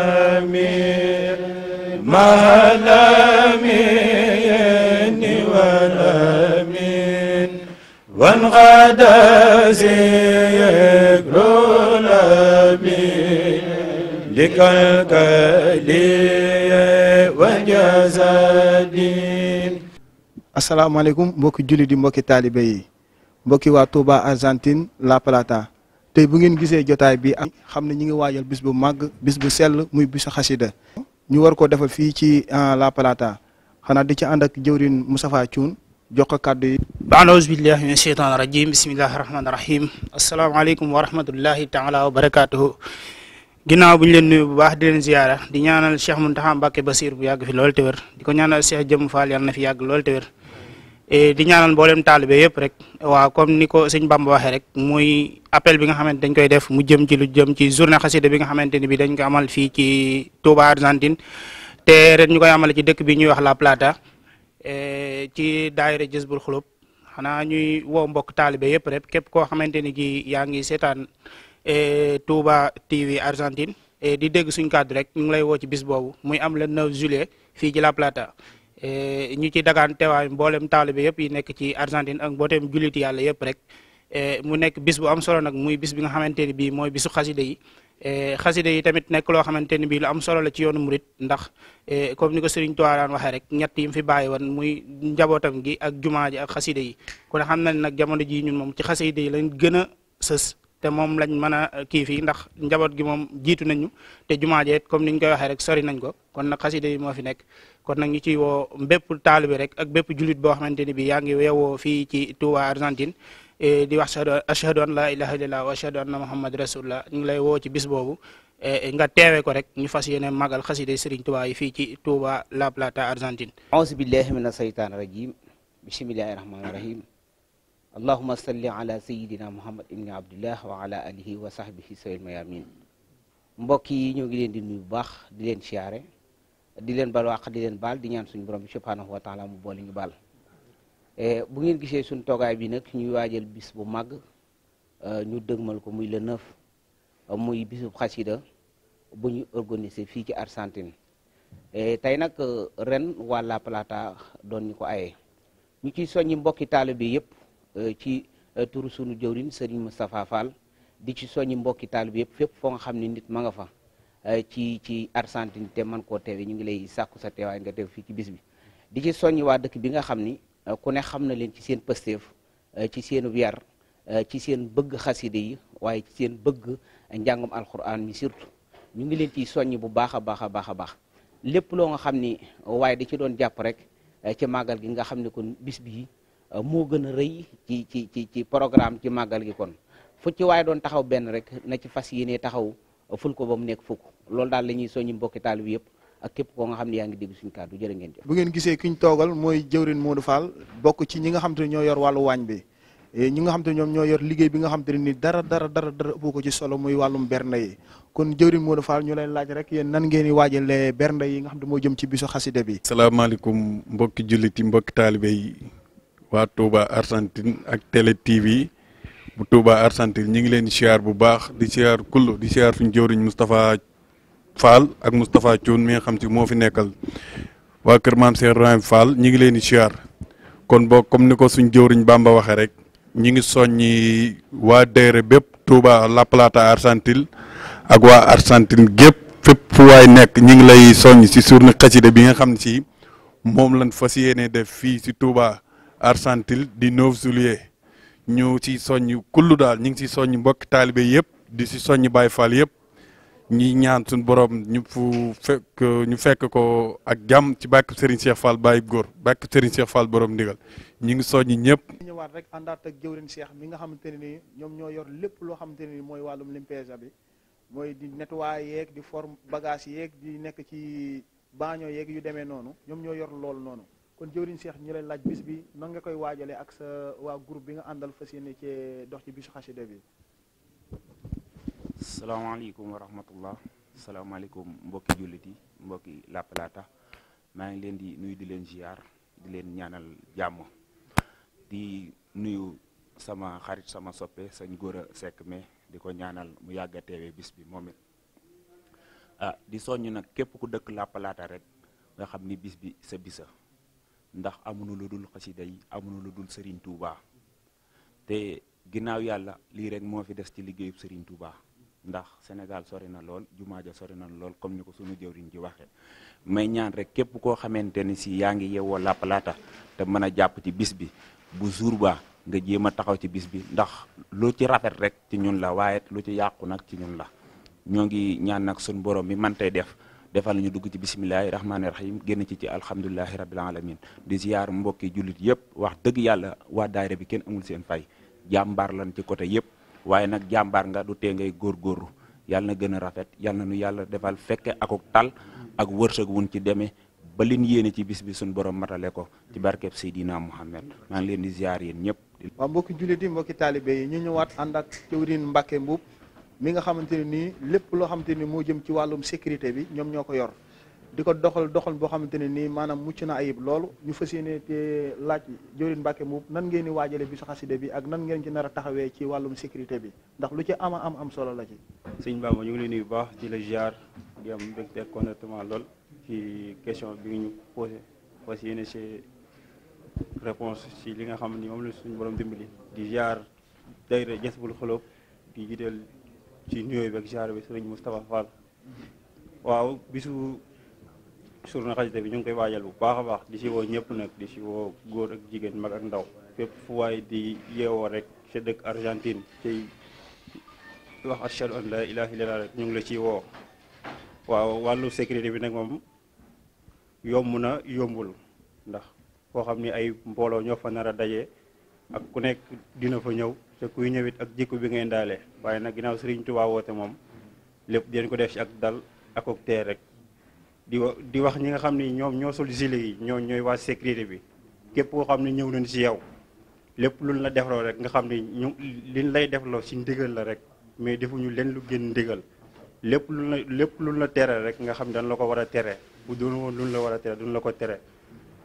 وانغدا ذكر الأمين لك الكلي وجزادين asalaamaaleykum mbokki julli di mbokki taalibe yi mbokki waa Touba Argentine La Plata tey bu ngeen gisee jotaay bi am xam ne ñi ngi waajal bis bu màgg bis bu sell muy bisu xasida ñu war ko defal fii ci euh, La Plata xanaa di ci ànd ak jëwrin Moustapha Thioune jox ko kàddu yi aouzu billahi min sheytaan rajim bismillahi rahmaani rahim asalaamaaleykum wa rahmatullahi taala wa barakatuhu ginnaaw bu ñu leen nuyu bu baax di leen ziyaara di ñaanal Cheikh Mountakha Mbacké Basir bu yàgg fi lool te wér di ko ñaanal Cheikh Jëm Fall yàlla na fi yàgg loolu te wér Eh, di ñaanal mboolem taalibe yëpp rek waaw comme ni ko sëñ Bamba waxee rek muy appel bi nga xamante dañ koy def mu jëm ci lu jëm ci journée xasida bi nga xamante ni bi dañ ko amal fii ci Touba Argentine te ren ñu koy amale ci dëkk bi ñuy wax La Plata eh, ci daayira Jësbul Xulub xanaa ñuy woo mbokk taalibe yëpp rek képp koo xamante ni gi yaa ngi seetaan eh, Touba TV Argentine di dégg suñ kàddu rek ñu ngi lay woo ci bis boobu muy am le 9 juillet fii ci La Plata Eh, ñu ci dagaan teewaay mboolem taalibe yëpp yi nekk ci Argentine ak mbooteem jullit yàlla yëpp rek eh, mu nekk bis bu am solo nag muy bis bi nga xamante ni bii mooy bisu xaside yi eh, xaside yi tamit nekk loo xamante ni bii lu am solo la ci yoonu murit ndax comme ni ko Serigne Touba daan waxee rek ñett yi mu fi bàyyi woon muy njabootam gi ak jumaa ji ak xaside yi kon xam na ne nag jamono jii ñun moom ci xaside yi lañ gën a sës te moom lañ mën a eh, kii fii ndax njaboot gi moom jiitu nañu te jumaa jeet comme niñ koy waxee rek sori nañ ko kon nag xasida yi moo fi nekk kon nag ñu ciy woo bépp taalibe rek ak bépp jullit boo xamante ni bi yaa ngi weewoo fii ci Touba Argentine eh, di wax ashhadu an la ilaha illallah wa ashhadu anna muhammad rasulullah ñu ngi lay woo ci bis boobu eh, nga teewe ko rek ñu fas yéene magal xasida Serigne Touba yi fii ci Touba La Plata Argentine auzu billahi mina shaytani rajim bismillahi rahmani rahim allahuma salli ala sayidina muhammad ibni abdullah wa ala alihi wa sahbihi sawil mayamin mbokk yi ñoo ngi leen di nuy bu baax di leen siyaare di leen bal wàq di leen baal di ñaan suñu borom bi subhanahu wa taala mu boole ñu baal e, bu ngeen gisee suñ toogaay bi nag ñuy waajal bis bu màgg e, ñu dëgmal ko muy le neuf e, muy bisub xasida bu ñu organisé fii ci Argentine tey nag ren waa La Plata doon ñu ko ayee ñu ciy soññi mbokki taalibe bi yëpp Euh, ci euh, turu sunu jëwriñ Serigne Moustapha Fall di ci soñi mbokki taalibe yëpp fépp foo nga xam ne nit ma nga fa euh, ci ci Argentine te man koo teewe ñu ngi lay sàkku sa teewaay nga teew fii ci bis bi di ci soñi waa dëkk bi nga xam ni ku ne xam na leen ci seen pësteef ci seen yar ci seen bëgg xaside yi waaye ci seen bëgg njàngum alxuraan mi surtout ñu ngi leen ci soññ bu baax a baax a baax a baax lépp loo nga xam ni waaye da ci doon jàpp rek ci màggal gi nga xam ne kon bis bii Euh, moo gën a rëy ci ci ci ci programme ci màggal gi kon fu ci waaye doon taxaw benn rek na ci fas yéene taxaw euh, ful ko ba mu nekk fukk loolu daal la ñuy soññi mbokki taal bi yëpp képp koo nga xam ne yaa ngi dégg suñu kàddu jërë ngeen jëf bu ngeen gisee ki ñu toogal mooy jëwrin Modou Fall bokk ci ñi nga xam ne ñoo yor wàllu waañ bi eh, ñi nga xam te ne ñoom ñoo yor liggéey bi nga xam te ne ni dara dara dara dara ëpp ko ci solo muy wàllum bernde yi kon jëwrin Modou Fall ñu leen laaj rek yéen nan ngeen di waajalee bernde yi nga xam te moo jëm ci bisu xasida bi salaamaaleykum mbokki julliti mbokki taalibe yi waa Touba Argentine ak Télé TV bu Touba Argentine ñi ngi leen di siyaar bu baax di siyaar kullu di siyaar suñu jëwriñ Moustapha Fall ak Moustapha Thioune mi nga xam si moo fi nekkal waa kër maam Cheikh Ibrahima Fall ñi ngi leen di siyaar kon boo comme ni ko suñu jëwriñ Bamba waxee rek ñi ngi soññi waa Daayira bépp Touba La Plata ak waa Argentine gépp fépp fu waay nekk ñi ngi lay soññ si journée xasida bi nga xam si moom lañ fas yéene def fii si Touba. Argentine di 9 juillet ñu ci soññ kullu daal ñu ngi si soññ mbokk taalibe yëpp di si soññ Baay Faal yëpp ñi ñaan suñu borom ñu fu fekk ñu fekk ko ak jàmm ci bàkk Serigne Cheikh Fall Baye góor bàkk Serigne Cheikh Fall borom ndigal ñu ngi soññ ñëpp. ñëwaat rek àndaat ak jëwrin Cheikh mi nga xamante ne nii ñoom ñoo yor lépp loo xamante ne nii mooy wàllum limpieza bi mooy di nettoyer yeeg di forme bagage yeeg di nekk ci baño yeeg yu demee noonu ñoom ñoo yor loolu noonu. kon jëwriñ Cheikh ñu lay laaj bis bi nan nga koy waajalee ak sa waa group bi nga àndal fas yéene cee dox ci bisu xasida bi salaamaaleykum wa rahmatullah salaamaaleykum mbokki jullit yi mbokki La Plata maa ngi leen di nuyu di leen ziar di leen ñaanal jàmm di nuyu sama xarit sama soppe sañ góor sekk mais di ko ñaanal mu yàgg a bis bi moom it ah di soññ nag képp ku dëkk La rek nga xam ni bis bi sa bisa ndax amuñu lu dul xasida yi amuñu lu dul sëriñ Touba te ginnaaw yàlla lii rek moo fi des ci liggéeyub sëriñ Touba ndax Sénégal sori na lool jumaa ja sori na lool comme ni ko sunu jëwriñ ji waxee may ñaan rek képp koo xamante ni si yaa ngi yeewoo La Plata te mën a jàpp ci bis bi bu jour ba nga jéem a taxaw ci bis bi ndax lu ci rafet rek ci ñun la waaye lu ci yàqu nag ci ñun la ñoo ngi ñaan nag sunu borom mi man tey def defal ñu dugg ci bisimilahi rahmaani rahim génn ci ci alhamdulilahi rabil alamin di ziar mbokki jullit yëpp wax dëgg yàlla waa daayira bi kenn amul seen fay jàmbaar lan ci côté yëpp waaye nag jàmbaar nga du tee ngay góorgóorlu yàlla na gën a rafet yàlla na nu yàlla defal fekke akuk tal ak wërsëg wun ci demee ba lin yéene ci bis bi suñu borom matale ko ci barkeb Seydina Muhammad maa ngi leen di ziar yéen ñëpp. waaw mbokki jullit mbokki taalibe yi ñu ñëwaat ànd ak jëwriñ mi nga xamante ne nii lépp loo xamante ni moo jëm ci wàllum sécurité bi ñoom ñoo ko yor di ko doxal doxal boo xamante ne nii maanaam mucc na ayib loolu ñu fas yéene te laaj jëwriñ Mbàkke mu nan ngeen di waajale bisu xaside bi ak nan ngeen ci nar a taxawee ci wàllum sécurité bi ndax lu ci ama am am solo la ci sëñ Bamba ñu ngi lay nuyu bu baax di la ziar di am mbégte contentement lool ci question bi ñu posé fas yéene ci réponse ci li nga xam ni moom la suñu borom dimbali di ziar dayra Jazbul Xuloob di jiital ci nuyoo bi ak ziar bi sëriñ Moustapha Fall waaw bisu journée xasida bi ñu ngi koy waajal bu baax a baax di si woo ñëpp nag di ci woo góor ak jigéen mag ak ndaw fépp fu waay di yeewoo rek sa dëkk Argentine ci wax ashhadu an la ilaha illallah rek ñu ngi la ciy woo waaw wàllu sécurité bi nag moom yomb na yombul ndax foo xam ni ay mbooloo ñoo fa nar a daje ak ku nekk dina fa ñëw te kuy ñëwit ak jikko bi ngay ndaale waaye nag ginnaaw Serigne Touba woote moom lépp dinañ ko def ci ak dal ak ak teer rek di di wax ñi nga xam ni ñoom ñoo sol gilet yi ñoo ñooy waa sécurité bi képp koo xam ne ñëw nañ ci yow lépp luñ la defloo rek nga xam ni ñu liñ lay def loo ci ndigal la rek mais defuñu leen lu génn ndégal lépp lu la lépp luñ la tere rek nga xam ne danu la ko war a tere bu doon woon luñ la war a tere duñ la ko tere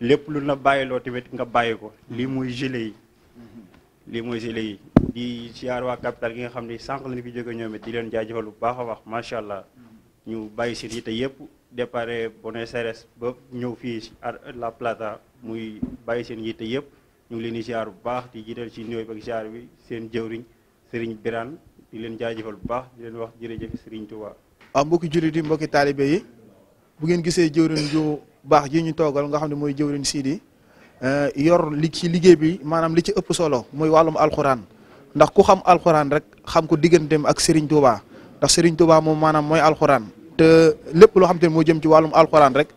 lépp luñ la bàyyiloo tamit nga bàyyi ko lii mooy gilet yi lii mooy gilet yi di siyaar waa capital gi nga xam ne sànq lañu fi jóge ñoom di leen jaajëfal bu baax a wax macha allah ñu bàyyi seen yitte yëpp déparé Buenos Aires ba ñëw fii La Plata muy bàyyi seen yitte yëpp ñu ngi leen di siyaar bu baax di jiital ci néew ak siyaar bi seen jëwriñ Serigne Birane di leen jaajëfal bu baax di leen wax jërëjëf Serigne Touba. waaw mbokki jullit yi mbokki taalibe yi bu ngeen gisee jëwriñ ju baax ji ñu toogal nga xam ne mooy jëwriñ Sidi eh, yor li ci liggéey bi maanaam li ci ëpp solo muy wàllum alxuraan. ndax ku xam alxuraan rek xam ko digganteem ak Serigne Touba ndax Serigne moom maanaam mooy alxuraan te lépp loo xam te ne moo jëm ci wàllum alxuraan rek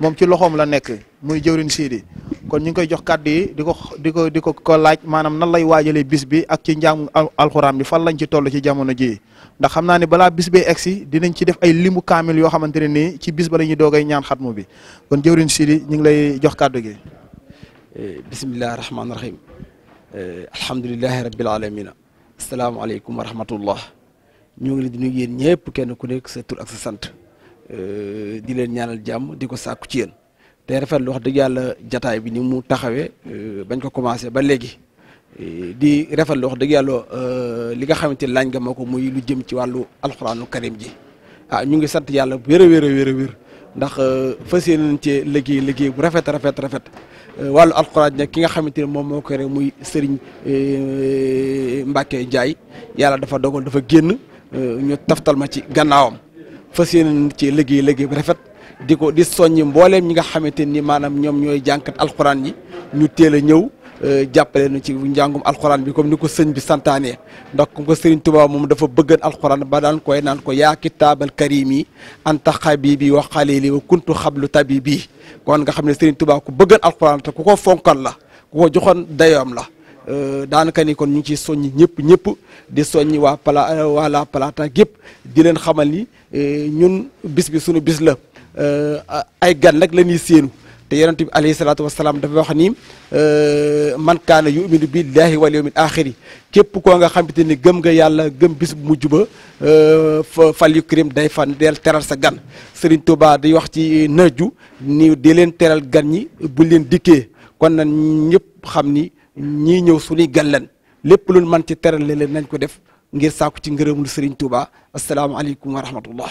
moom ci loxoom la nekk muy jëwrin siidi kon ñu ngi koy jox kàddu yi di ko di ko di ko ko laaj maanaam nan lay waajalee bis bi ak ci njàng alxuraan bi fan lañ ci toll ci jamono ji ndax xam naa ne balaa bis bee egsi dinañ ci def ay limu kaamil yoo xamante ne nii ci bis ba la ñuy doogay ñaan xatmu bi kon jëwrin siidi ñu ngi lay jox kàddu gi eh, bismillah rahmaani rahim Eh, alhamdulilahi rabbil alamina asalaamaaleykum wa rahmatullah ñu ngi leen di nuyu yéen ñëpp kenn ku nekk sa tur ak sa sant eh, di leen ñaanal jàmm di ko sàkku ci yéen tey rafetlu wax dëgg yàlla jataay bi ni mu taxawee eh, bañ ko commencé ba léegi di rafetlu wax dëgg yàlla li nga xamante laaj nga ma ko muy lu jëm ci wàllu alxuraanu karim ji ah ñu ngi sant yàlla wér a wér a wér a wér ndax euh, fas yéeneen cee liggéey liggéey bu rafet rafet rafet euh, wàllu alxuraan nag ki nga xamante ne moom moo koy rek muy Serigne euh, Mbacke Ndiaye yàlla dafa dogal dafa génn ñu taftal ma ci gannaawam fas yéeneen cee liggéey liggéey bu rafet di ko di soññi mbooleem ñi nga xamante ni maanaam ñoom ñooy jànkat alxuraan yi ñu teel a ñëw. jàppale nu ci njàngum alxuraan bi comme ni ko sëñ bi santane ndax comme ko sëriñ Tuubaa moom dafa bëggan alxuraan ba daan koy naan ko yaa kitaabal karim tax anta bi wa xalili wa kuntu xablu tabibi kon nga xam ne sëriñ Tuubaa ku bëggan alxuraan te ku ko fonkal la ku ko joxoon dayoom la euh, daanaka ni kon ñu ci soñ soññ ñëpp ñëpp di soñ wa pala waa la gépp di leen xamal ni euh, ñun bis bi sunu bis la euh, ay gan nag la ñuy séenu te yonent bi alayhi salaatu wasalaam dafa wax ni euh, man kaana yuminu billahi wal yawmil axiri képp koo nga xamante ni gëm nga yàlla gëm bis bu mujj ba euh, fal yu krim day fan deel teral sa gan Serigne Touba di wax ci naju ni di leen teral gan ñi bu leen dikkee kon na ñëpp xam ni ñii ñëw suñuy gan lan lépp lu man ci teral leen nañ ko def ngir sàkku ci ngërëmul Serigne Touba asalaamaaleykum wa rahmatullah